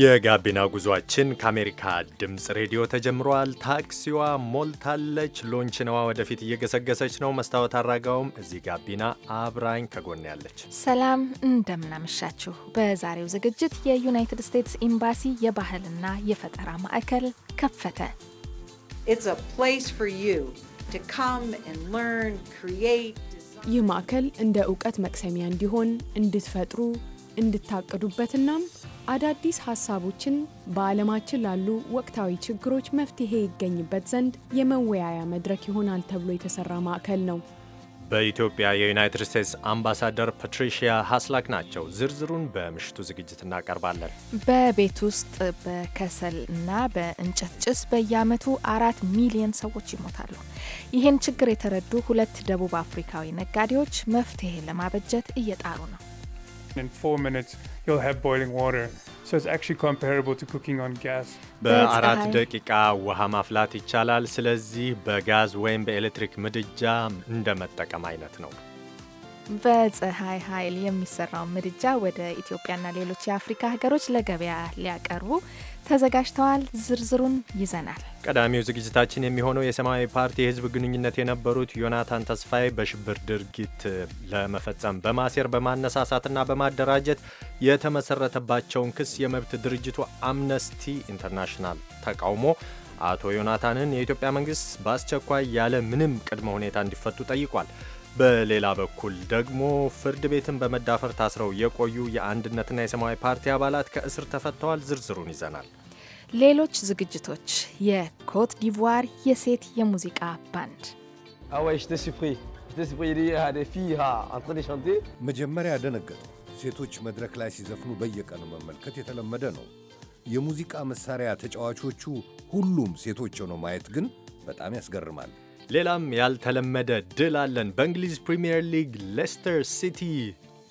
የጋቢና ጉዟችን ከአሜሪካ ድምፅ ሬዲዮ ተጀምሯል። ታክሲዋ ሞልታለች። ሎንችነዋ ወደፊት እየገሰገሰች ነው። መስታወት አራጋውም እዚህ ጋቢና አብራኝ ከጎን ያለች። ሰላም እንደምናመሻችሁ። በዛሬው ዝግጅት የዩናይትድ ስቴትስ ኤምባሲ የባህልና የፈጠራ ማዕከል ከፈተ። ይህ ማዕከል እንደ እውቀት መቅሰሚያ እንዲሆን እንድትፈጥሩ እንድታቅዱበትናም አዳዲስ ሀሳቦችን በዓለማችን ላሉ ወቅታዊ ችግሮች መፍትሄ ይገኝበት ዘንድ የመወያያ መድረክ ይሆናል ተብሎ የተሰራ ማዕከል ነው። በኢትዮጵያ የዩናይትድ ስቴትስ አምባሳደር ፓትሪሺያ ሀስላክ ናቸው። ዝርዝሩን በምሽቱ ዝግጅት እናቀርባለን። በቤት ውስጥ በከሰል እና በእንጨት ጭስ በየዓመቱ አራት ሚሊዮን ሰዎች ይሞታሉ። ይህን ችግር የተረዱ ሁለት ደቡብ አፍሪካዊ ነጋዴዎች መፍትሄ ለማበጀት እየጣሩ ነው። in four minutes you'll have boiling water. So it's actually comparable to cooking on gas. በአራት ደቂቃ ውሃ ማፍላት ይቻላል። ስለዚህ በጋዝ ወይም በኤሌክትሪክ ምድጃ እንደመጠቀም አይነት ነው። በፀሐይ ኃይል የሚሰራውን ምድጃ ወደ ኢትዮጵያና ሌሎች የአፍሪካ ሀገሮች ለገበያ ሊያቀርቡ ተዘጋጅተዋል። ዝርዝሩን ይዘናል። ቀዳሚው ዝግጅታችን የሚሆነው የሰማያዊ ፓርቲ የህዝብ ግንኙነት የነበሩት ዮናታን ተስፋዬ በሽብር ድርጊት ለመፈጸም በማሴር በማነሳሳትና በማደራጀት የተመሰረተባቸውን ክስ የመብት ድርጅቱ አምነስቲ ኢንተርናሽናል ተቃውሞ አቶ ዮናታንን የኢትዮጵያ መንግስት በአስቸኳይ ያለ ምንም ቅድመ ሁኔታ እንዲፈቱ ጠይቋል። በሌላ በኩል ደግሞ ፍርድ ቤትን በመዳፈር ታስረው የቆዩ የአንድነትና የሰማያዊ ፓርቲ አባላት ከእስር ተፈተዋል። ዝርዝሩን ይዘናል። ሌሎች ዝግጅቶች የኮት ዲቯር የሴት የሙዚቃ ባንድ ah ah, መጀመሪያ ደነገጡ። ሴቶች መድረክ ላይ ሲዘፍኑ በየቀኑ መመልከት የተለመደ ነው። የሙዚቃ መሳሪያ ተጫዋቾቹ ሁሉም ሴቶች ሆነው ማየት ግን በጣም ያስገርማል። ሌላም ያልተለመደ ድል አለን። በእንግሊዝ ፕሪምየር ሊግ ሌስተር ሲቲ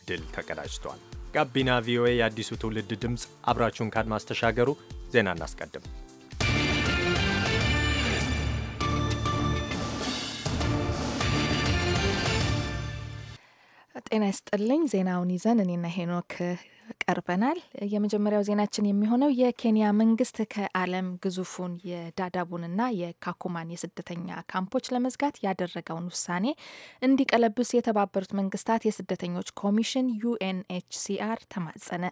ድል ተቀዳጅቷል። ጋቢና ቪኦኤ የአዲሱ ትውልድ ድምፅ፣ አብራችሁን ካድማስ ተሻገሩ። ዜና እናስቀድም። ጤና ይስጥልኝ። ዜናውን ይዘን እኔና ሄኖክ ቀርበናል። የመጀመሪያው ዜናችን የሚሆነው የኬንያ መንግስት ከዓለም ግዙፉን የዳዳቡንና የካኩማን የስደተኛ ካምፖች ለመዝጋት ያደረገውን ውሳኔ እንዲቀለብስ የተባበሩት መንግስታት የስደተኞች ኮሚሽን ዩኤንኤችሲአር ተማጸነ።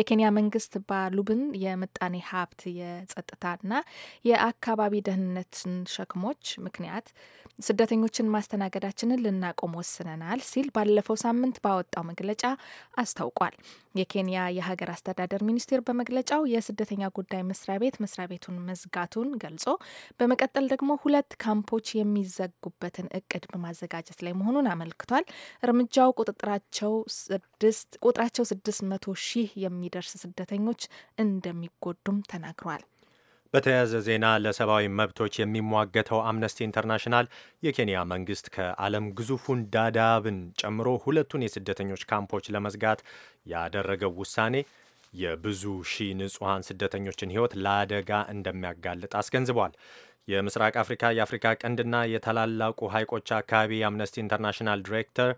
የኬንያ መንግስት ባሉብን የምጣኔ ሀብት የጸጥታና የአካባቢ ደህንነትን ሸክሞች ምክንያት ስደተኞችን ማስተናገዳችንን ልናቆም ወስነናል ሲል ባለፈው ሳምንት ባወጣው መግለጫ አስታውቋል። የኬንያ የሀገር አስተዳደር ሚኒስቴር በመግለጫው የስደተኛ ጉዳይ መስሪያ ቤት መስሪያ ቤቱን መዝጋቱን ገልጾ በመቀጠል ደግሞ ሁለት ካምፖች የሚዘጉበትን እቅድ በማዘጋጀት ላይ መሆኑን አመልክቷል። እርምጃው ቁጥጥራቸው ስድስት ቁጥራቸው ስድስት መቶ ሺህ የሚደርስ ስደተኞች እንደሚጎዱም ተናግሯል። በተያያዘ ዜና ለሰብአዊ መብቶች የሚሟገተው አምነስቲ ኢንተርናሽናል የኬንያ መንግስት ከዓለም ግዙፉን ዳዳብን ጨምሮ ሁለቱን የስደተኞች ካምፖች ለመዝጋት ያደረገው ውሳኔ የብዙ ሺህ ንጹሐን ስደተኞችን ሕይወት ለአደጋ እንደሚያጋልጥ አስገንዝቧል። የምስራቅ አፍሪካ የአፍሪካ ቀንድና የታላላቁ ሐይቆች አካባቢ የአምነስቲ ኢንተርናሽናል ዲሬክተር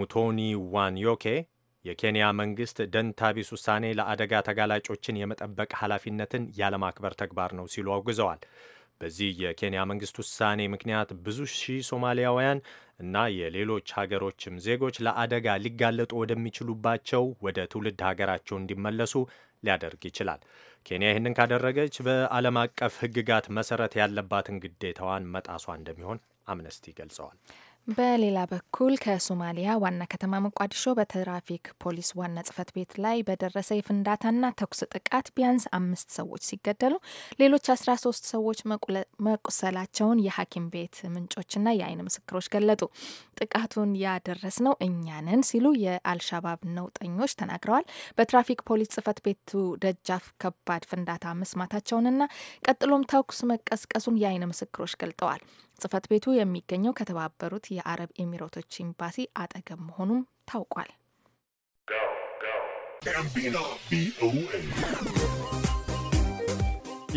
ሙቶኒ ዋንዮኬ የኬንያ መንግስት ደንታቢስ ውሳኔ ለአደጋ ተጋላጮችን የመጠበቅ ኃላፊነትን ያለማክበር ተግባር ነው ሲሉ አውግዘዋል። በዚህ የኬንያ መንግስት ውሳኔ ምክንያት ብዙ ሺህ ሶማሊያውያን እና የሌሎች ሀገሮችም ዜጎች ለአደጋ ሊጋለጡ ወደሚችሉባቸው ወደ ትውልድ ሀገራቸው እንዲመለሱ ሊያደርግ ይችላል። ኬንያ ይህንን ካደረገች በዓለም አቀፍ ሕግጋት መሰረት ያለባትን ግዴታዋን መጣሷ እንደሚሆን አምነስቲ ገልጸዋል። በሌላ በኩል ከሶማሊያ ዋና ከተማ ሞቃዲሾ በትራፊክ ፖሊስ ዋና ጽህፈት ቤት ላይ በደረሰ የፍንዳታና ተኩስ ጥቃት ቢያንስ አምስት ሰዎች ሲገደሉ ሌሎች አስራ ሶስት ሰዎች መቁሰላቸውን የሐኪም ቤት ምንጮችና የአይን ምስክሮች ገለጡ። ጥቃቱን ያደረስ ነው እኛንን ሲሉ የአልሻባብ ነውጠኞች ተናግረዋል። በትራፊክ ፖሊስ ጽህፈት ቤቱ ደጃፍ ከባድ ፍንዳታ መስማታቸውንና ቀጥሎም ተኩስ መቀስቀሱን የአይን ምስክሮች ገልጠዋል። ጽህፈት ቤቱ የሚገኘው ከተባበሩት የአረብ ኤሚሬቶች ኤምባሲ አጠገብ መሆኑም ታውቋል።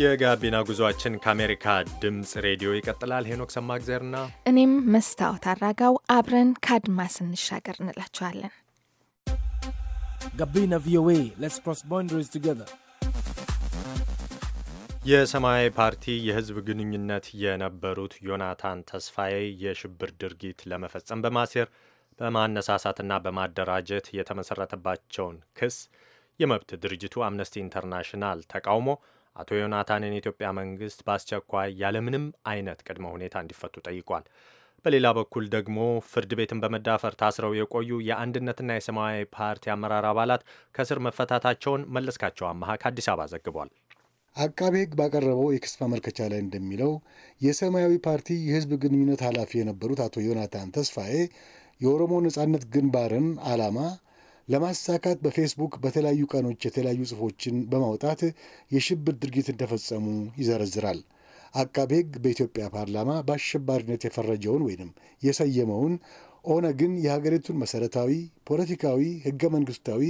የጋቢና ጉዟችን ከአሜሪካ ድምፅ ሬዲዮ ይቀጥላል። ሄኖክ ሰማግዘርና እኔም መስታወት አራጋው አብረን ከአድማስ እንሻገር እንላችኋለን። ጋቢና ቪኦኤ ሌትስ ክሮስ ባውንደሪስ ቱጌዘር የሰማያዊ ፓርቲ የህዝብ ግንኙነት የነበሩት ዮናታን ተስፋዬ የሽብር ድርጊት ለመፈጸም በማሴር በማነሳሳትና በማደራጀት የተመሰረተባቸውን ክስ የመብት ድርጅቱ አምነስቲ ኢንተርናሽናል ተቃውሞ አቶ ዮናታንን የኢትዮጵያ መንግስት በአስቸኳይ ያለምንም አይነት ቅድመ ሁኔታ እንዲፈቱ ጠይቋል። በሌላ በኩል ደግሞ ፍርድ ቤትን በመዳፈር ታስረው የቆዩ የአንድነትና የሰማያዊ ፓርቲ አመራር አባላት ከስር መፈታታቸውን መለስካቸው አመሃ ከአዲስ አበባ ዘግቧል። አቃቤ ሕግ ባቀረበው የክስ ማመልከቻ ላይ እንደሚለው የሰማያዊ ፓርቲ የህዝብ ግንኙነት ኃላፊ የነበሩት አቶ ዮናታን ተስፋዬ የኦሮሞ ነጻነት ግንባርን ዓላማ ለማሳካት በፌስቡክ በተለያዩ ቀኖች የተለያዩ ጽሑፎችን በማውጣት የሽብር ድርጊት እንደፈጸሙ ይዘረዝራል። አቃቤ ሕግ በኢትዮጵያ ፓርላማ በአሸባሪነት የፈረጀውን ወይንም የሰየመውን ኦነግን የሀገሪቱን መሰረታዊ ፖለቲካዊ፣ ህገ መንግስታዊ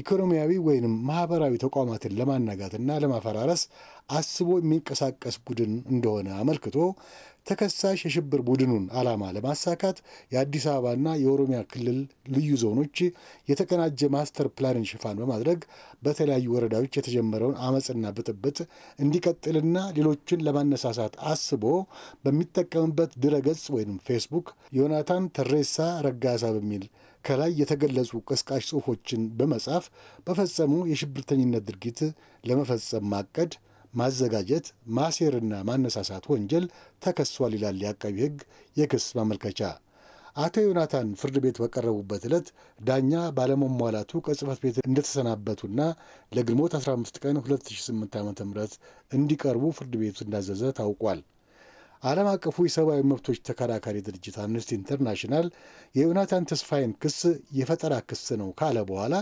ኢኮኖሚያዊ ወይንም ማህበራዊ ተቋማትን ለማናጋትና ለማፈራረስ አስቦ የሚንቀሳቀስ ቡድን እንደሆነ አመልክቶ ተከሳሽ የሽብር ቡድኑን ዓላማ ለማሳካት የአዲስ አበባና የኦሮሚያ ክልል ልዩ ዞኖች የተቀናጀ ማስተር ፕላንን ሽፋን በማድረግ በተለያዩ ወረዳዎች የተጀመረውን አመፅና ብጥብጥ እንዲቀጥልና ሌሎችን ለማነሳሳት አስቦ በሚጠቀምበት ድረገጽ ወይም ፌስቡክ ዮናታን ተሬሳ ረጋሳ በሚል ከላይ የተገለጹ ቀስቃሽ ጽሑፎችን በመጻፍ በፈጸሙ የሽብርተኝነት ድርጊት ለመፈጸም ማቀድ፣ ማዘጋጀት፣ ማሴርና ማነሳሳት ወንጀል ተከሷል ይላል የአቃቢ ሕግ የክስ ማመልከቻ። አቶ ዮናታን ፍርድ ቤት በቀረቡበት ዕለት ዳኛ ባለመሟላቱ ከጽህፈት ቤት እንደተሰናበቱና ለግንቦት 15 ቀን 2008 ዓ ም እንዲቀርቡ ፍርድ ቤቱ እንዳዘዘ ታውቋል። ዓለም አቀፉ የሰብአዊ መብቶች ተከራካሪ ድርጅት አምነስቲ ኢንተርናሽናል የዮናታን ተስፋዬን ክስ የፈጠራ ክስ ነው ካለ በኋላ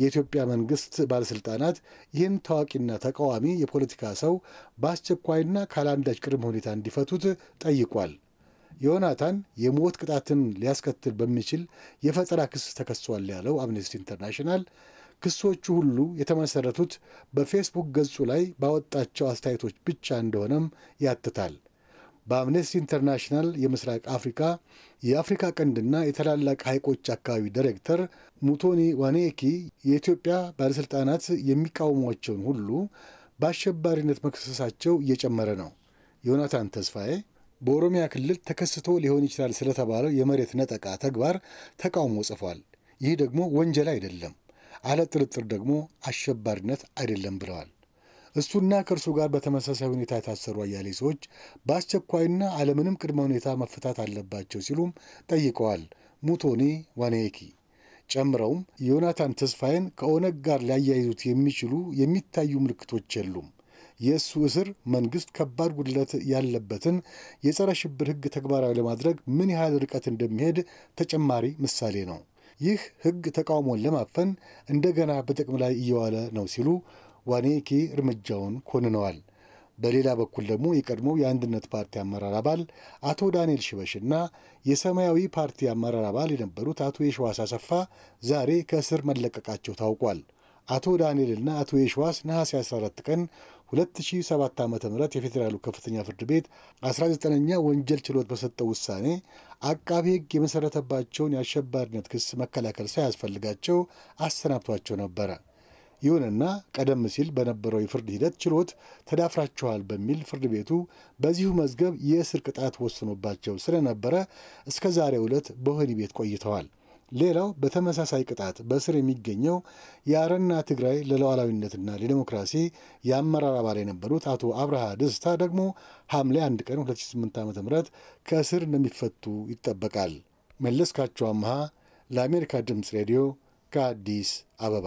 የኢትዮጵያ መንግስት ባለስልጣናት ይህን ታዋቂና ተቃዋሚ የፖለቲካ ሰው በአስቸኳይና ካለአንዳች ቅድመ ሁኔታ እንዲፈቱት ጠይቋል። ዮናታን የሞት ቅጣትን ሊያስከትል በሚችል የፈጠራ ክስ ተከሷል ያለው አምነስቲ ኢንተርናሽናል ክሶቹ ሁሉ የተመሰረቱት በፌስቡክ ገጹ ላይ ባወጣቸው አስተያየቶች ብቻ እንደሆነም ያትታል። በአምነስቲ ኢንተርናሽናል የምስራቅ አፍሪካ የአፍሪካ ቀንድና የታላላቅ ሐይቆች አካባቢ ዳይሬክተር ሙቶኒ ዋኔኪ የኢትዮጵያ ባለሥልጣናት የሚቃወሟቸውን ሁሉ በአሸባሪነት መከሰሳቸው እየጨመረ ነው። ዮናታን ተስፋዬ በኦሮሚያ ክልል ተከስቶ ሊሆን ይችላል ስለተባለው የመሬት ነጠቃ ተግባር ተቃውሞ ጽፏል። ይህ ደግሞ ወንጀል አይደለም፣ አለ ጥርጥር ደግሞ አሸባሪነት አይደለም ብለዋል። እሱና ከእርሱ ጋር በተመሳሳይ ሁኔታ የታሰሩ አያሌ ሰዎች በአስቸኳይና አለምንም ቅድመ ሁኔታ መፈታት አለባቸው ሲሉም ጠይቀዋል ሙቶኒ ዋኔኪ። ጨምረውም ዮናታን ተስፋዬን ከኦነግ ጋር ሊያያይዙት የሚችሉ የሚታዩ ምልክቶች የሉም። የእሱ እስር መንግስት ከባድ ጉድለት ያለበትን የጸረ ሽብር ሕግ ተግባራዊ ለማድረግ ምን ያህል ርቀት እንደሚሄድ ተጨማሪ ምሳሌ ነው። ይህ ሕግ ተቃውሞን ለማፈን እንደገና በጥቅም ላይ እየዋለ ነው ሲሉ ዋኔኪ እርምጃውን ኮንነዋል። በሌላ በኩል ደግሞ የቀድሞው የአንድነት ፓርቲ አመራር አባል አቶ ዳንኤል ሽበሽና የሰማያዊ ፓርቲ አመራር አባል የነበሩት አቶ የሸዋስ አሰፋ ዛሬ ከእስር መለቀቃቸው ታውቋል። አቶ ዳንኤልና አቶ የሸዋስ ነሐሴ 14 ቀን 2007 ዓ ም የፌዴራሉ ከፍተኛ ፍርድ ቤት 19ኛ ወንጀል ችሎት በሰጠው ውሳኔ አቃቤ ሕግ የመሠረተባቸውን የአሸባሪነት ክስ መከላከል ሳያስፈልጋቸው አሰናብቷቸው ነበረ። ይሁንና ቀደም ሲል በነበረው የፍርድ ሂደት ችሎት ተዳፍራችኋል በሚል ፍርድ ቤቱ በዚሁ መዝገብ የእስር ቅጣት ወስኖባቸው ስለነበረ እስከ ዛሬ ዕለት በወህኒ ቤት ቆይተዋል። ሌላው በተመሳሳይ ቅጣት በእስር የሚገኘው የአረና ትግራይ ለሉዓላዊነትና ለዲሞክራሲ የአመራር አባል የነበሩት አቶ አብርሃ ደስታ ደግሞ ሐምሌ 1 ቀን 2008 ዓ ም ከእስር እንደሚፈቱ ይጠበቃል። መለስካቸው አምሃ ለአሜሪካ ድምፅ ሬዲዮ ከአዲስ አበባ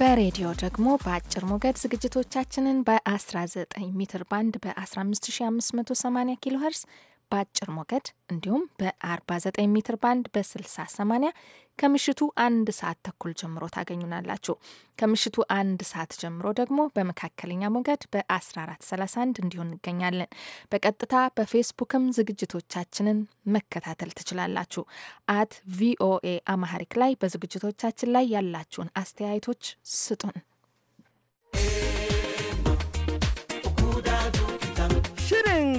በሬዲዮ ደግሞ በአጭር ሞገድ ዝግጅቶቻችንን በ19 ሜትር ባንድ በ15580 ኪሎ ሄርስ በአጭር ሞገድ እንዲሁም በ49 ሜትር ባንድ በ6080 ከምሽቱ አንድ ሰዓት ተኩል ጀምሮ ታገኙናላችሁ። ከምሽቱ አንድ ሰዓት ጀምሮ ደግሞ በመካከለኛ ሞገድ በ1431 እንዲሁን እንገኛለን። በቀጥታ በፌስቡክም ዝግጅቶቻችንን መከታተል ትችላላችሁ። አት ቪኦኤ አማሐሪክ ላይ በዝግጅቶቻችን ላይ ያላችሁን አስተያየቶች ስጡን።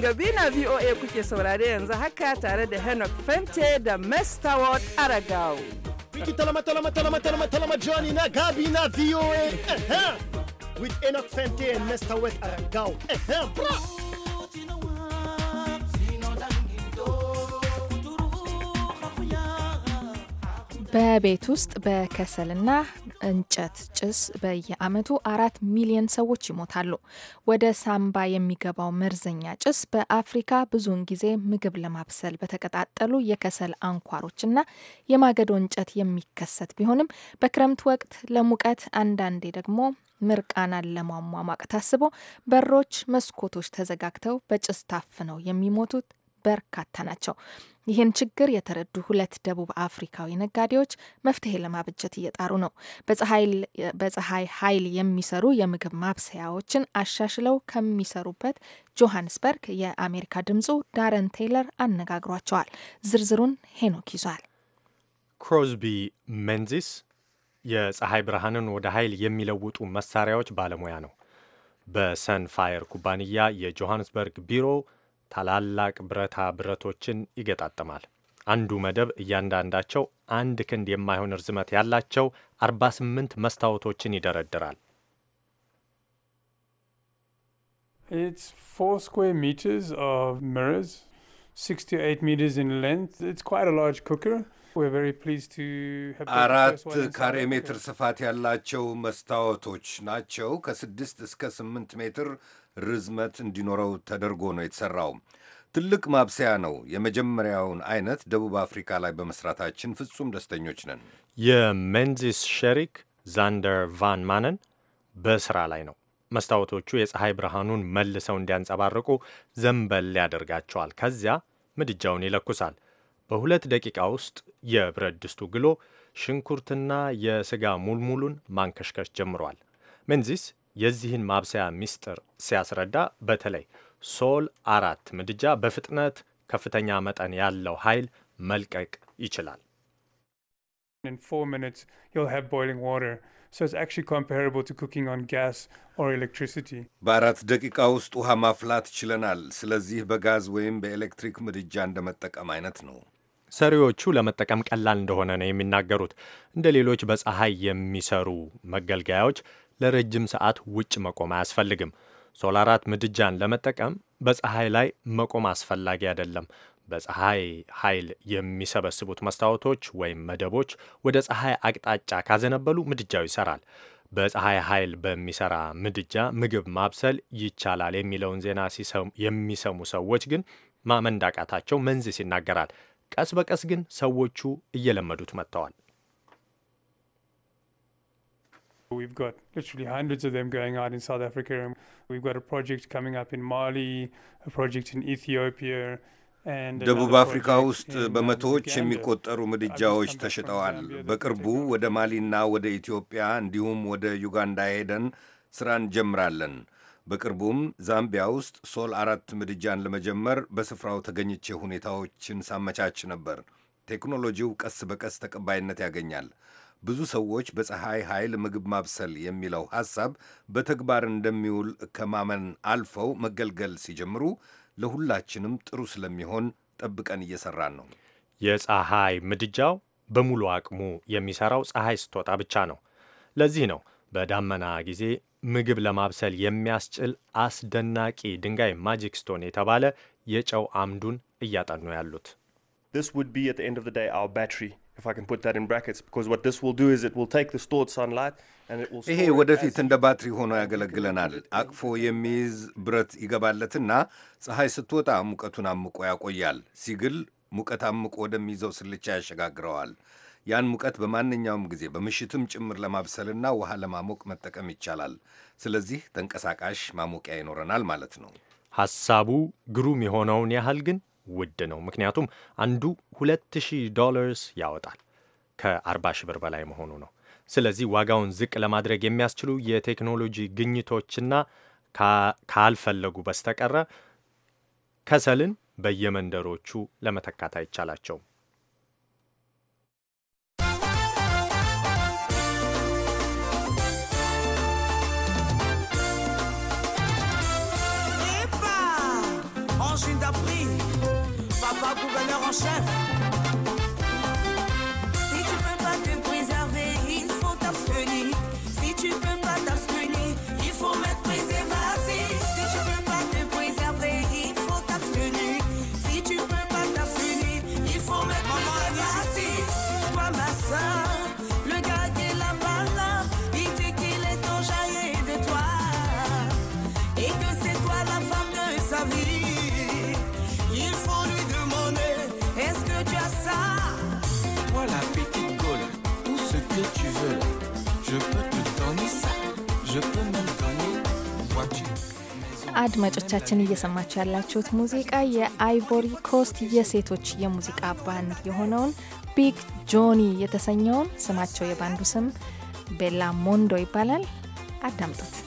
Shirin Gabina VOA kuke saurare yanzu haka tare da Enoch Fente da Mestaward Aragao. Wiki talama talama talama talama talama Johnny na Gabi na VOA. With Enoch Fente and Mestaward Aragao. በቤት ውስጥ በከሰልና እንጨት ጭስ በየአመቱ አራት ሚሊዮን ሰዎች ይሞታሉ። ወደ ሳምባ የሚገባው መርዘኛ ጭስ በአፍሪካ ብዙውን ጊዜ ምግብ ለማብሰል በተቀጣጠሉ የከሰል አንኳሮችና የማገዶ እንጨት የሚከሰት ቢሆንም በክረምት ወቅት ለሙቀት አንዳንዴ ደግሞ ምርቃናን ለማሟሟቅ ታስቦ በሮች፣ መስኮቶች ተዘጋግተው በጭስ ታፍነው የሚሞቱት በርካታ ናቸው። ይህን ችግር የተረዱ ሁለት ደቡብ አፍሪካዊ ነጋዴዎች መፍትሄ ለማበጀት እየጣሩ ነው። በፀሐይ ኃይል የሚሰሩ የምግብ ማብሰያዎችን አሻሽለው ከሚሰሩበት ጆሃንስበርግ የአሜሪካ ድምፁ ዳረን ቴይለር አነጋግሯቸዋል። ዝርዝሩን ሄኖክ ይዟል። ክሮዝቢ መንዚስ የፀሐይ ብርሃንን ወደ ኃይል የሚለውጡ መሳሪያዎች ባለሙያ ነው። በሰን ፋየር ኩባንያ የጆሃንስበርግ ቢሮ። ታላላቅ ብረታ ብረቶችን ይገጣጠማል። አንዱ መደብ እያንዳንዳቸው አንድ ክንድ የማይሆን ርዝመት ያላቸው 48 መስታወቶችን ይደረድራል። አራት ካሬ ሜትር ስፋት ያላቸው መስታወቶች ናቸው። ከስድስት እስከ ስምንት ሜትር ርዝመት እንዲኖረው ተደርጎ ነው የተሠራው። ትልቅ ማብሰያ ነው። የመጀመሪያውን አይነት ደቡብ አፍሪካ ላይ በመስራታችን ፍጹም ደስተኞች ነን። የሜንዚስ ሸሪክ ዛንደር ቫን ማነን በስራ ላይ ነው። መስታወቶቹ የፀሐይ ብርሃኑን መልሰው እንዲያንጸባርቁ ዘንበል ያደርጋቸዋል። ከዚያ ምድጃውን ይለኩሳል። በሁለት ደቂቃ ውስጥ የብረት ድስቱ ግሎ ሽንኩርትና የሥጋ ሙልሙሉን ማንከሽከሽ ጀምሯል። መንዚስ የዚህን ማብሰያ ምስጢር ሲያስረዳ በተለይ ሶል አራት ምድጃ በፍጥነት ከፍተኛ መጠን ያለው ኃይል መልቀቅ ይችላል። በአራት ደቂቃ ውስጥ ውሃ ማፍላት ችለናል። ስለዚህ በጋዝ ወይም በኤሌክትሪክ ምድጃ እንደመጠቀም አይነት ነው። ሰሪዎቹ ለመጠቀም ቀላል እንደሆነ ነው የሚናገሩት። እንደ ሌሎች በፀሐይ የሚሰሩ መገልገያዎች ለረጅም ሰዓት ውጭ መቆም አያስፈልግም። ሶላራት ምድጃን ለመጠቀም በፀሐይ ላይ መቆም አስፈላጊ አይደለም። በፀሐይ ኃይል የሚሰበስቡት መስታወቶች ወይም መደቦች ወደ ፀሐይ አቅጣጫ ካዘነበሉ ምድጃው ይሰራል። በፀሐይ ኃይል በሚሰራ ምድጃ ምግብ ማብሰል ይቻላል የሚለውን ዜና የሚሰሙ ሰዎች ግን ማመን እንዳቃታቸው መንዝስ ይናገራል። ቀስ በቀስ ግን ሰዎቹ እየለመዱት መጥተዋል። We've got literally hundreds of them going out in South Africa. We've got a project coming up in Mali, a project in Ethiopia. ደቡብ አፍሪካ ውስጥ በመቶዎች የሚቆጠሩ ምድጃዎች ተሽጠዋል። በቅርቡ ወደ ማሊና ወደ ኢትዮጵያ እንዲሁም ወደ ዩጋንዳ ሄደን ስራ እንጀምራለን። በቅርቡም ዛምቢያ ውስጥ ሶል አራት ምድጃን ለመጀመር በስፍራው ተገኝቼ ሁኔታዎችን ሳመቻች ነበር። ቴክኖሎጂው ቀስ በቀስ ተቀባይነት ያገኛል። ብዙ ሰዎች በፀሐይ ኃይል ምግብ ማብሰል የሚለው ሐሳብ በተግባር እንደሚውል ከማመን አልፈው መገልገል ሲጀምሩ ለሁላችንም ጥሩ ስለሚሆን ጠብቀን እየሰራን ነው። የፀሐይ ምድጃው በሙሉ አቅሙ የሚሰራው ፀሐይ ስትወጣ ብቻ ነው። ለዚህ ነው በዳመና ጊዜ ምግብ ለማብሰል የሚያስችል አስደናቂ ድንጋይ ማጂክ ስቶን የተባለ የጨው አምዱን እያጠኑ ያሉት ይሄ ወደፊት እንደ ባትሪ ሆኖ ያገለግለናል። አቅፎ የሚይዝ ብረት ይገባለትና ፀሐይ ስትወጣ ሙቀቱን አምቆ ያቆያል። ሲግል ሙቀት አምቆ ወደሚይዘው ስልቻ ያሸጋግረዋል። ያን ሙቀት በማንኛውም ጊዜ በምሽትም ጭምር ለማብሰልና ውሃ ለማሞቅ መጠቀም ይቻላል። ስለዚህ ተንቀሳቃሽ ማሞቂያ ይኖረናል ማለት ነው። ሐሳቡ ግሩም የሆነውን ያህል ግን ውድ ነው። ምክንያቱም አንዱ 2000 ዶላርስ ያወጣል። ከ40 ሺህ ብር በላይ መሆኑ ነው። ስለዚህ ዋጋውን ዝቅ ለማድረግ የሚያስችሉ የቴክኖሎጂ ግኝቶችና ካልፈለጉ በስተቀረ ከሰልን በየመንደሮቹ ለመተካት አይቻላቸውም። አድማጮቻችን እየሰማችሁ ያላችሁት ሙዚቃ የአይቮሪ ኮስት የሴቶች የሙዚቃ ባንድ የሆነውን ቢግ ጆኒ የተሰኘውን ስማቸው የባንዱ ስም ቤላ ሞንዶ ይባላል። አዳምጡት።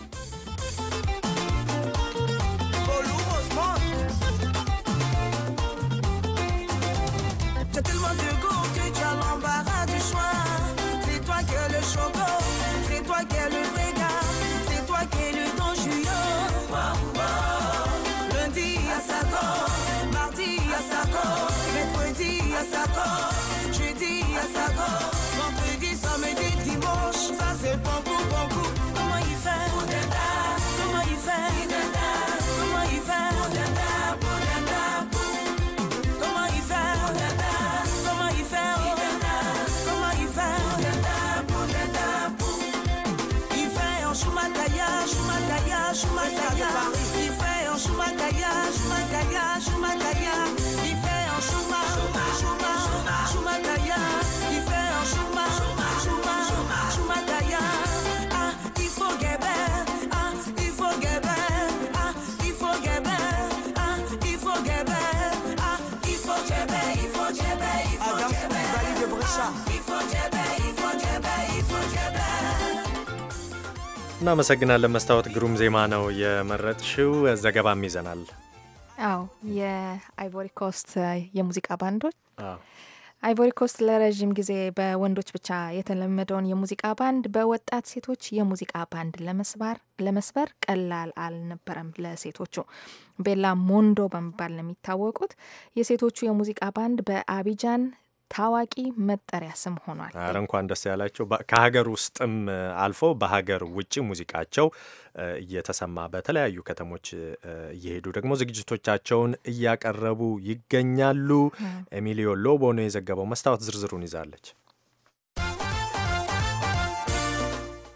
እናመሰግናለን። መስታወት ግሩም ዜማ ነው የመረጥሽው። ዘገባም ይዘናል። አዎ የአይቮሪ ኮስት የሙዚቃ ባንዶች አይቮሪ ኮስት ለረዥም ጊዜ በወንዶች ብቻ የተለመደውን የሙዚቃ ባንድ በወጣት ሴቶች የሙዚቃ ባንድ ለመስበር ቀላል አልነበረም። ለሴቶቹ ቤላ ሞንዶ በመባል የሚታወቁት የሴቶቹ የሙዚቃ ባንድ በአቢጃን ታዋቂ መጠሪያ ስም ሆኗል። አረ እንኳን ደስ ያላቸው። ከሀገር ውስጥም አልፎ በሀገር ውጭ ሙዚቃቸው እየተሰማ በተለያዩ ከተሞች እየሄዱ ደግሞ ዝግጅቶቻቸውን እያቀረቡ ይገኛሉ። ኤሚሊዮ ሎቦ ነው የዘገበው። መስታወት ዝርዝሩን ይዛለች።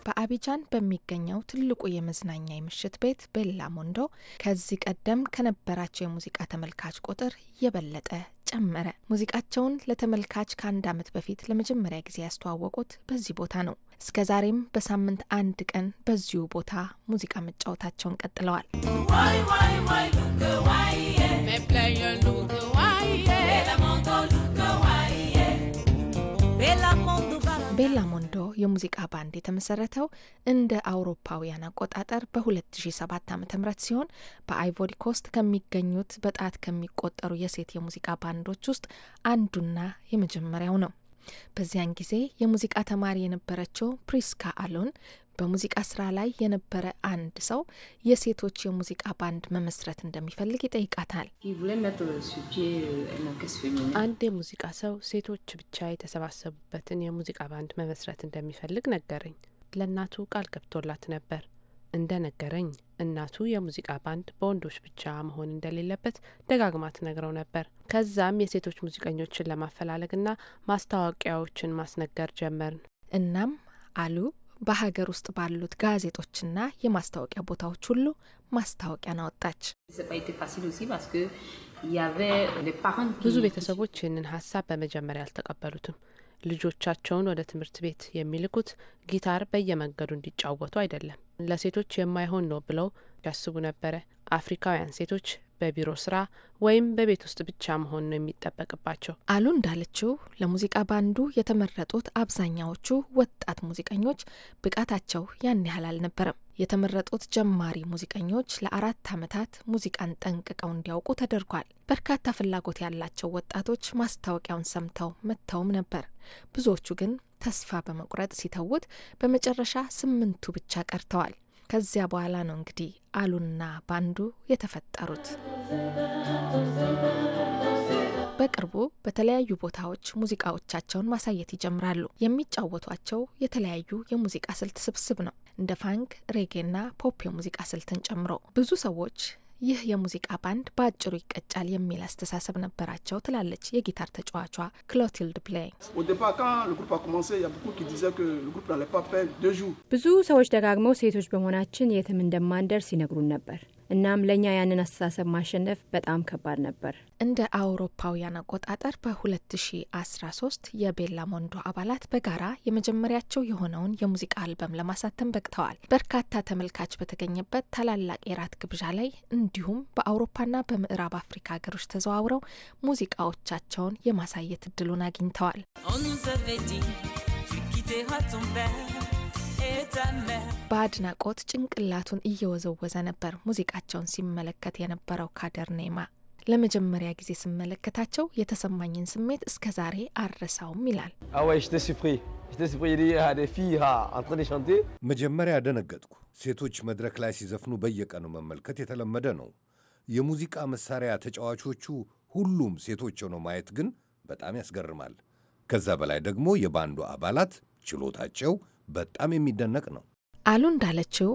በአቢጃን በሚገኘው ትልቁ የመዝናኛ የምሽት ቤት ቤላ ሞንዶ ከዚህ ቀደም ከነበራቸው የሙዚቃ ተመልካች ቁጥር የበለጠ ጨመረ። ሙዚቃቸውን ለተመልካች ከአንድ ዓመት በፊት ለመጀመሪያ ጊዜ ያስተዋወቁት በዚህ ቦታ ነው። እስከ ዛሬም በሳምንት አንድ ቀን በዚሁ ቦታ ሙዚቃ መጫወታቸውን ቀጥለዋል። የሙዚቃ ባንድ የተመሰረተው እንደ አውሮፓውያን አቆጣጠር በ2007 ዓ.ም ሲሆን በአይቮሪ ኮስት ከሚገኙት በጣት ከሚቆጠሩ የሴት የሙዚቃ ባንዶች ውስጥ አንዱና የመጀመሪያው ነው። በዚያን ጊዜ የሙዚቃ ተማሪ የነበረችው ፕሪስካ አሎን በሙዚቃ ስራ ላይ የነበረ አንድ ሰው የሴቶች የሙዚቃ ባንድ መመስረት እንደሚፈልግ ይጠይቃታል። አንድ የሙዚቃ ሰው ሴቶች ብቻ የተሰባሰቡበትን የሙዚቃ ባንድ መመስረት እንደሚፈልግ ነገረኝ። ለእናቱ ቃል ገብቶላት ነበር። እንደ ነገረኝ እናቱ የሙዚቃ ባንድ በወንዶች ብቻ መሆን እንደሌለበት ደጋግማ ትነግረው ነበር። ከዛም የሴቶች ሙዚቀኞችን ለማፈላለግና ማስታወቂያዎችን ማስነገር ጀመርን። እናም አሉ በሀገር ውስጥ ባሉት ጋዜጦችና የማስታወቂያ ቦታዎች ሁሉ ማስታወቂያን አወጣች። ብዙ ቤተሰቦች ይህንን ሀሳብ በመጀመሪያ አልተቀበሉትም። ልጆቻቸውን ወደ ትምህርት ቤት የሚልኩት ጊታር በየመንገዱ እንዲጫወቱ አይደለም፣ ለሴቶች የማይሆን ነው ብለው ያስቡ ነበረ። አፍሪካውያን ሴቶች በቢሮ ስራ ወይም በቤት ውስጥ ብቻ መሆን ነው የሚጠበቅባቸው። አሉ እንዳለችው ለሙዚቃ ባንዱ የተመረጡት አብዛኛዎቹ ወጣት ሙዚቀኞች ብቃታቸው ያን ያህል አልነበረም። የተመረጡት ጀማሪ ሙዚቀኞች ለአራት ዓመታት ሙዚቃን ጠንቅቀው እንዲያውቁ ተደርጓል። በርካታ ፍላጎት ያላቸው ወጣቶች ማስታወቂያውን ሰምተው መጥተውም ነበር። ብዙዎቹ ግን ተስፋ በመቁረጥ ሲተውት፣ በመጨረሻ ስምንቱ ብቻ ቀርተዋል። ከዚያ በኋላ ነው እንግዲህ አሉና ባንዱ የተፈጠሩት። በቅርቡ በተለያዩ ቦታዎች ሙዚቃዎቻቸውን ማሳየት ይጀምራሉ። የሚጫወቷቸው የተለያዩ የሙዚቃ ስልት ስብስብ ነው፣ እንደ ፋንክ፣ ሬጌና ፖፕ የሙዚቃ ስልትን ጨምሮ ብዙ ሰዎች ይህ የሙዚቃ ባንድ በአጭሩ ይቀጫል የሚል አስተሳሰብ ነበራቸው ትላለች የጊታር ተጫዋቿ ክሎቲልድ ፕሌይ። ብዙ ሰዎች ደጋግመው ሴቶች በመሆናችን የትም እንደማንደርስ ይነግሩን ነበር። እናም ለእኛ ያንን አስተሳሰብ ማሸነፍ በጣም ከባድ ነበር። እንደ አውሮፓውያን አቆጣጠር በ2013 የቤላ ሞንዶ አባላት በጋራ የመጀመሪያቸው የሆነውን የሙዚቃ አልበም ለማሳተም በቅተዋል። በርካታ ተመልካች በተገኘበት ታላላቅ የራት ግብዣ ላይ እንዲሁም በአውሮፓና በምዕራብ አፍሪካ ሀገሮች ተዘዋውረው ሙዚቃዎቻቸውን የማሳየት እድሉን አግኝተዋል። በአድናቆት ጭንቅላቱን እየወዘወዘ ነበር ሙዚቃቸውን ሲመለከት የነበረው ካደር ኔማ። ለመጀመሪያ ጊዜ ስመለከታቸው የተሰማኝን ስሜት እስከ ዛሬ አረሳውም ይላል። መጀመሪያ ደነገጥኩ። ሴቶች መድረክ ላይ ሲዘፍኑ በየቀኑ መመልከት የተለመደ ነው። የሙዚቃ መሳሪያ ተጫዋቾቹ ሁሉም ሴቶች ሆነው ማየት ግን በጣም ያስገርማል። ከዛ በላይ ደግሞ የባንዱ አባላት ችሎታቸው በጣም የሚደነቅ ነው። አሉ እንዳለችው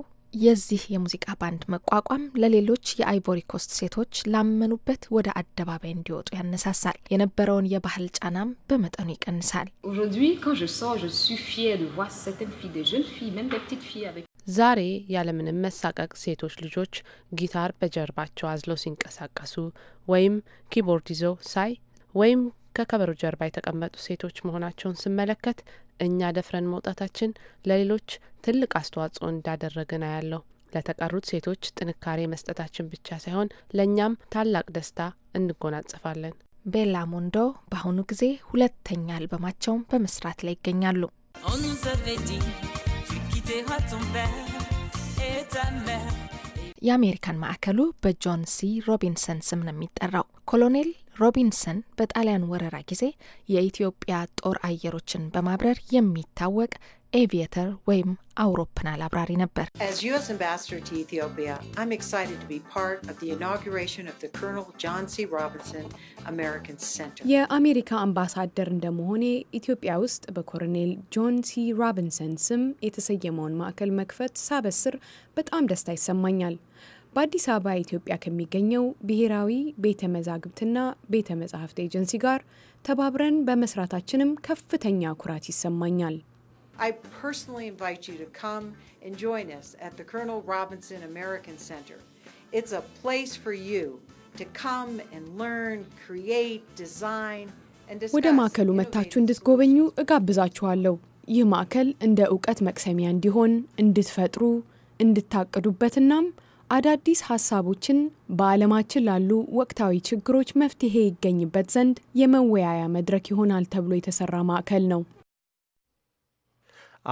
የዚህ የሙዚቃ ባንድ መቋቋም ለሌሎች የአይቮሪ ኮስት ሴቶች ላመኑበት ወደ አደባባይ እንዲወጡ ያነሳሳል። የነበረውን የባህል ጫናም በመጠኑ ይቀንሳል። ዛሬ ያለምንም መሳቀቅ ሴቶች ልጆች ጊታር በጀርባቸው አዝለው ሲንቀሳቀሱ ወይም ኪቦርድ ይዘው ሳይ ወይም ከከበሮ ጀርባ የተቀመጡ ሴቶች መሆናቸውን ስመለከት እኛ ደፍረን መውጣታችን ለሌሎች ትልቅ አስተዋጽኦ እንዳደረግን አያለሁ። ለተቀሩት ሴቶች ጥንካሬ መስጠታችን ብቻ ሳይሆን ለእኛም ታላቅ ደስታ እንጎናጸፋለን። ቤላ ሞንዶ በአሁኑ ጊዜ ሁለተኛ አልበማቸውን በመስራት ላይ ይገኛሉ። የአሜሪካን ማዕከሉ በጆን ሲ ሮቢንሰን ስም ነው የሚጠራው። ኮሎኔል ሮቢንሰን በጣሊያን ወረራ ጊዜ የኢትዮጵያ ጦር አየሮችን በማብረር የሚታወቅ ኤቪየተር ወይም አውሮፕላን አብራሪ ነበር። የአሜሪካ አምባሳደር እንደመሆኔ ኢትዮጵያ ውስጥ በኮሎኔል ጆን ሲ ሮቢንሰን ስም የተሰየመውን ማዕከል መክፈት ሳበስር በጣም ደስታ ይሰማኛል። በአዲስ አበባ ኢትዮጵያ ከሚገኘው ብሔራዊ ቤተ መዛግብትና ቤተ መጻሕፍት ኤጀንሲ ጋር ተባብረን በመስራታችንም ከፍተኛ ኩራት ይሰማኛል። ወደ ማዕከሉ መታችሁ እንድትጎበኙ እጋብዛችኋለሁ። ይህ ማዕከል እንደ እውቀት መቅሰሚያ እንዲሆን እንድትፈጥሩ እንድታቅዱበትናም አዳዲስ ሀሳቦችን በዓለማችን ላሉ ወቅታዊ ችግሮች መፍትሄ ይገኝበት ዘንድ የመወያያ መድረክ ይሆናል ተብሎ የተሰራ ማዕከል ነው።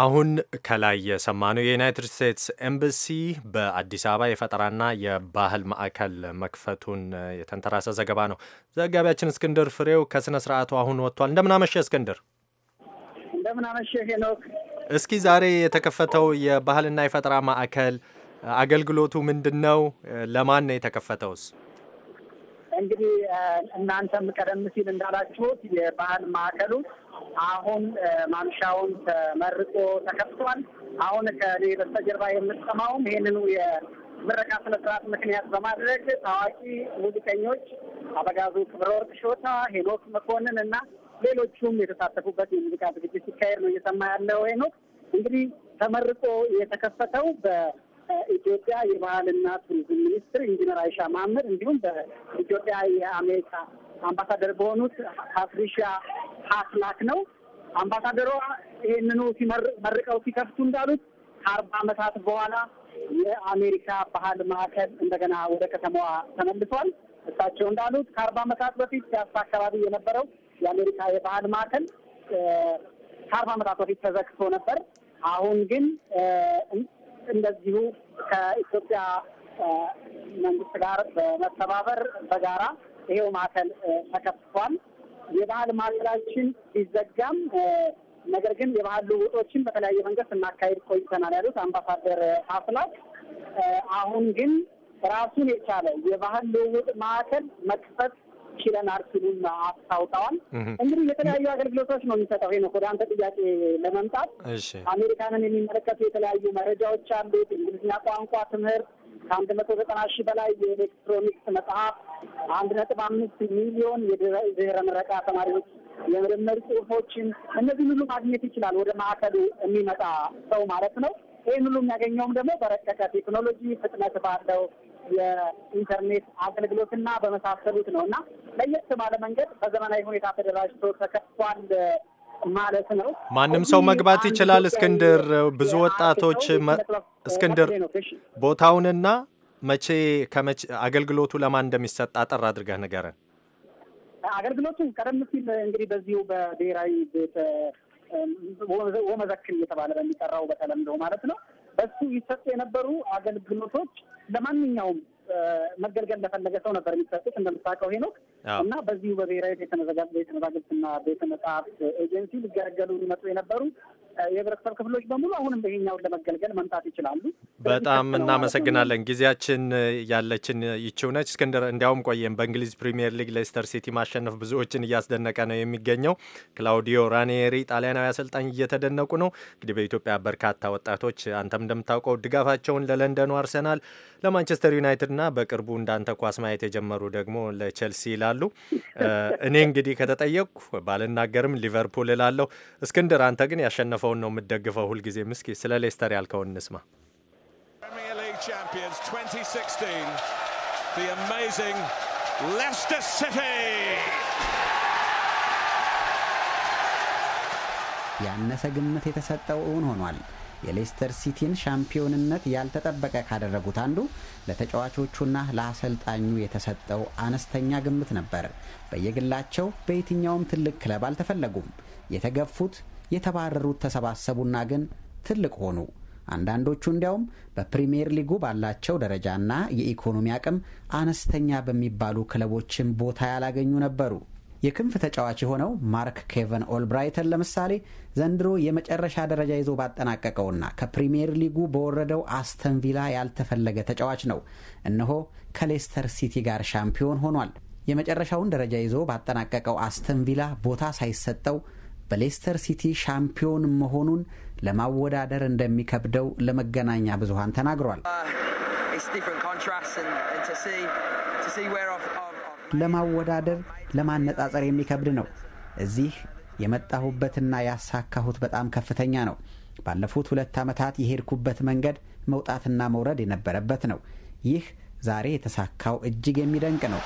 አሁን ከላይ የሰማነው የዩናይትድ ስቴትስ ኤምባሲ በአዲስ አበባ የፈጠራና የባህል ማዕከል መክፈቱን የተንተራሰ ዘገባ ነው። ዘጋቢያችን እስክንድር ፍሬው ከስነ ስርዓቱ አሁን ወጥቷል። እንደምናመሸ እስክንድር። እንደምናመሸ ሄኖክ። እስኪ ዛሬ የተከፈተው የባህልና የፈጠራ ማዕከል አገልግሎቱ ምንድን ነው? ለማን ነው የተከፈተውስ? እንግዲህ እናንተም ቀደም ሲል እንዳላችሁት የባህል ማዕከሉ አሁን ማምሻውን ተመርቆ ተከፍቷል። አሁን ከኔ በስተጀርባ የምትሰማውም ይህንኑ የምረቃ ስነስርዓት ምክንያት በማድረግ ታዋቂ ሙዚቀኞች አበጋዙ ክብረወርቅ ሾታ፣ ሄኖክ መኮንን እና ሌሎቹም የተሳተፉበት የሙዚቃ ዝግጅት ሲካሄድ ነው እየሰማ ያለው ሄኖክ። እንግዲህ ተመርቆ የተከፈተው በ በኢትዮጵያ የባህልና ቱሪዝም ሚኒስትር ኢንጂነር አይሻ መሀመድ እንዲሁም በኢትዮጵያ የአሜሪካ አምባሳደር በሆኑት ፓትሪሻ ሀስላክ ነው። አምባሳደሯ ይህንኑ ሲመርቀው ሲከፍቱ እንዳሉት ከአርባ ዓመታት በኋላ የአሜሪካ ባህል ማዕከል እንደገና ወደ ከተማዋ ተመልሷል። እሳቸው እንዳሉት ከአርባ አመታት በፊት ፒያሳ አካባቢ የነበረው የአሜሪካ የባህል ማዕከል ከአርባ አመታት በፊት ተዘግቶ ነበር። አሁን ግን እንደዚሁ ከኢትዮጵያ መንግስት ጋር በመተባበር በጋራ ይሄው ማዕከል ተከፍቷል። የባህል ማዕከላችን ቢዘጋም ነገር ግን የባህል ልውጦችን በተለያየ መንገድ እናካሄድ ቆይተናል ያሉት አምባሳደር አስላክ አሁን ግን ራሱን የቻለ የባህል ልውውጥ ማዕከል መክፈት ችለን አርክቡና አስታውቀዋል። እንግዲህ የተለያዩ አገልግሎቶች ነው የሚሰጠው። ይሄ ነው ወደ አንተ ጥያቄ ለመምጣት አሜሪካንን የሚመለከቱ የተለያዩ መረጃዎች አሉት። እንግሊዝኛ ቋንቋ ትምህርት ከአንድ መቶ ዘጠና ሺህ በላይ የኤሌክትሮኒክስ መጽሐፍ፣ አንድ ነጥብ አምስት ሚሊዮን የድህረ ምረቃ ተማሪዎች የምርምር ጽሁፎችን እነዚህ ሁሉ ማግኘት ይችላል። ወደ ማዕከሉ የሚመጣ ሰው ማለት ነው። ይህን ሁሉ የሚያገኘውም ደግሞ በረቀቀ ቴክኖሎጂ ፍጥነት ባለው የኢንተርኔት አገልግሎትና በመሳሰሉት ነው እና ለየት ባለ መንገድ በዘመናዊ ሁኔታ ተደራጅቶ ተከፍቷል ማለት ነው። ማንም ሰው መግባት ይችላል። እስክንድር ብዙ ወጣቶች እስክንድር ቦታውንና መቼ ከመቼ አገልግሎቱ ለማን እንደሚሰጥ አጠር አድርገህ ንገረን። አገልግሎቱ ቀደም ሲል እንግዲህ በዚሁ በብሔራዊ ቤተ ወመዘክር እየተባለ በሚጠራው በተለምዶ ማለት ነው በሱ ይሰጡ የነበሩ አገልግሎቶች ለማንኛውም መገልገል ለፈለገ ሰው ነበር የሚሰጡት እንደምታውቀው ሄኖክ። እና በዚሁ በብሔራዊ ቤተ መዛግብትና ቤተ መጽሐፍት ኤጀንሲ ሊገለገሉ ሊመጡ የነበሩ የህብረተሰብ ክፍሎች በሙሉ አሁንም ይሄኛውን ለመገልገል መምጣት ይችላሉ። በጣም እናመሰግናለን። ጊዜያችን ያለችን ይችው ነች። እስክንድር፣ እንዲያውም ቆየም በእንግሊዝ ፕሪምየር ሊግ ሌስተር ሲቲ ማሸነፍ ብዙዎችን እያስደነቀ ነው የሚገኘው። ክላውዲዮ ራኔሪ ጣሊያናዊ አሰልጣኝ እየተደነቁ ነው። እንግዲህ በኢትዮጵያ በርካታ ወጣቶች አንተም እንደምታውቀው ድጋፋቸውን ለለንደኑ አርሰናል፣ ለማንቸስተር ዩናይትድና በቅርቡ እንዳንተ ኳስ ማየት የጀመሩ ደግሞ ለቸልሲ ይላሉ። እኔ እንግዲህ ከተጠየቅኩ ባልናገርም ሊቨርፑል እላለሁ። እስክንድር አንተ ግን ያሸነፍ ያሸነፈውን ነው የምደግፈው ሁልጊዜ። ምስኪ ስለ ሌስተር ያልከውን እንስማ። ያነሰ ግምት የተሰጠው እውን ሆኗል። የሌስተር ሲቲን ሻምፒዮንነት ያልተጠበቀ ካደረጉት አንዱ ለተጫዋቾቹና ለአሰልጣኙ የተሰጠው አነስተኛ ግምት ነበር። በየግላቸው በየትኛውም ትልቅ ክለብ አልተፈለጉም። የተገፉት የተባረሩት ተሰባሰቡና ግን ትልቅ ሆኑ። አንዳንዶቹ እንዲያውም በፕሪምየር ሊጉ ባላቸው ደረጃና የኢኮኖሚ አቅም አነስተኛ በሚባሉ ክለቦችን ቦታ ያላገኙ ነበሩ። የክንፍ ተጫዋች የሆነው ማርክ ኬቨን ኦልብራይተን ለምሳሌ ዘንድሮ የመጨረሻ ደረጃ ይዞ ባጠናቀቀውና ከፕሪምየር ሊጉ በወረደው አስተን ቪላ ያልተፈለገ ተጫዋች ነው። እነሆ ከሌስተር ሲቲ ጋር ሻምፒዮን ሆኗል። የመጨረሻውን ደረጃ ይዞ ባጠናቀቀው አስተን ቪላ ቦታ ሳይሰጠው በሌስተር ሲቲ ሻምፒዮን መሆኑን ለማወዳደር እንደሚከብደው ለመገናኛ ብዙሃን ተናግሯል። ለማወዳደር ለማነጻጸር የሚከብድ ነው። እዚህ የመጣሁበትና ያሳካሁት በጣም ከፍተኛ ነው። ባለፉት ሁለት ዓመታት የሄድኩበት መንገድ መውጣትና መውረድ የነበረበት ነው። ይህ ዛሬ የተሳካው እጅግ የሚደንቅ ነው።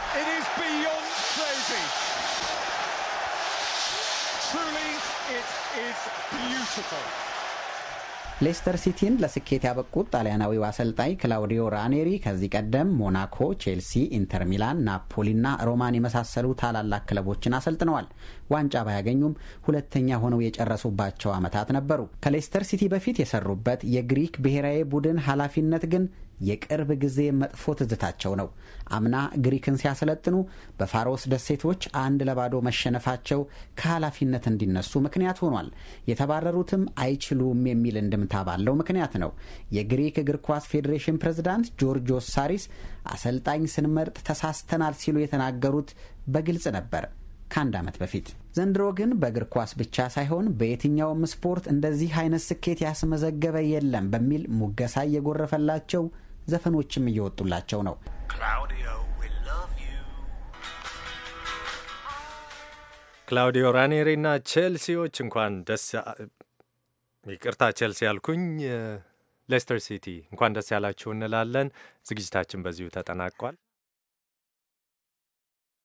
ሌስተር ሲቲን ለስኬት ያበቁት ጣሊያናዊው አሰልጣኝ ክላውዲዮ ራኔሪ ከዚህ ቀደም ሞናኮ፣ ቼልሲ፣ ኢንተር ሚላን፣ ናፖሊና ሮማን የመሳሰሉ ታላላቅ ክለቦችን አሰልጥነዋል። ዋንጫ ባያገኙም ሁለተኛ ሆነው የጨረሱባቸው ዓመታት ነበሩ። ከሌስተር ሲቲ በፊት የሰሩበት የግሪክ ብሔራዊ ቡድን ኃላፊነት ግን የቅርብ ጊዜ መጥፎ ትዝታቸው ነው። አምና ግሪክን ሲያሰለጥኑ በፋሮስ ደሴቶች አንድ ለባዶ መሸነፋቸው ከኃላፊነት እንዲነሱ ምክንያት ሆኗል። የተባረሩትም አይችሉም የሚል እንድምታ ባለው ምክንያት ነው። የግሪክ እግር ኳስ ፌዴሬሽን ፕሬዝዳንት ጆርጆስ ሳሪስ አሰልጣኝ ስንመርጥ ተሳስተናል ሲሉ የተናገሩት በግልጽ ነበር። ከአንድ ዓመት በፊት። ዘንድሮ ግን በእግር ኳስ ብቻ ሳይሆን በየትኛውም ስፖርት እንደዚህ አይነት ስኬት ያስመዘገበ የለም በሚል ሙገሳ እየጎረፈላቸው ዘፈኖችም እየወጡላቸው ነው። ክላውዲዮ ራኔሪና ቼልሲዎች እንኳን ደስ ይቅርታ፣ ቼልሲ ያልኩኝ ሌስተር ሲቲ እንኳን ደስ ያላችሁ እንላለን። ዝግጅታችን በዚሁ ተጠናቋል።